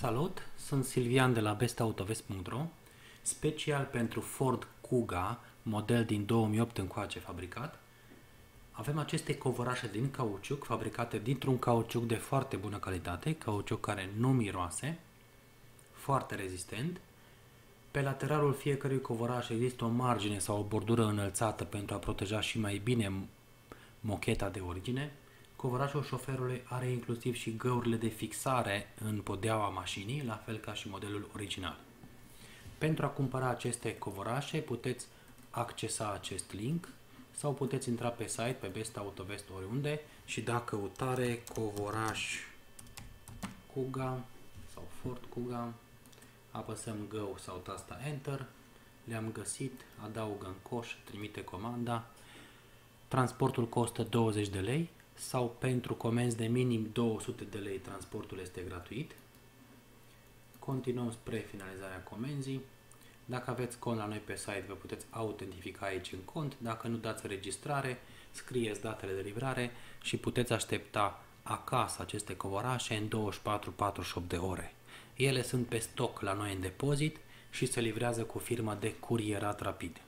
Salut, sunt Silvian de la bestautovest.ro, special pentru Ford Kuga, model din 2008 încoace fabricat. Avem aceste covorașe din cauciuc, fabricate dintr-un cauciuc de foarte bună calitate, cauciuc care nu miroase, foarte rezistent. Pe lateralul fiecărui covoraș există o margine sau o bordură înălțată pentru a proteja și mai bine mocheta de origine, Covorașul șoferului are inclusiv și găurile de fixare în podeaua mașinii, la fel ca și modelul original. Pentru a cumpăra aceste covorașe puteți accesa acest link sau puteți intra pe site pe Best Autovest oriunde și da căutare covoraș Kuga sau Ford Kuga, apăsăm Go sau tasta Enter, le-am găsit, adaugă în coș, trimite comanda, transportul costă 20 de lei, sau pentru comenzi de minim 200 de lei transportul este gratuit. Continuăm spre finalizarea comenzii. Dacă aveți cont la noi pe site, vă puteți autentifica aici în cont. Dacă nu dați registrare, scrieți datele de livrare și puteți aștepta acasă aceste covorașe în 24-48 de ore. Ele sunt pe stoc la noi în depozit și se livrează cu firma de curierat rapid.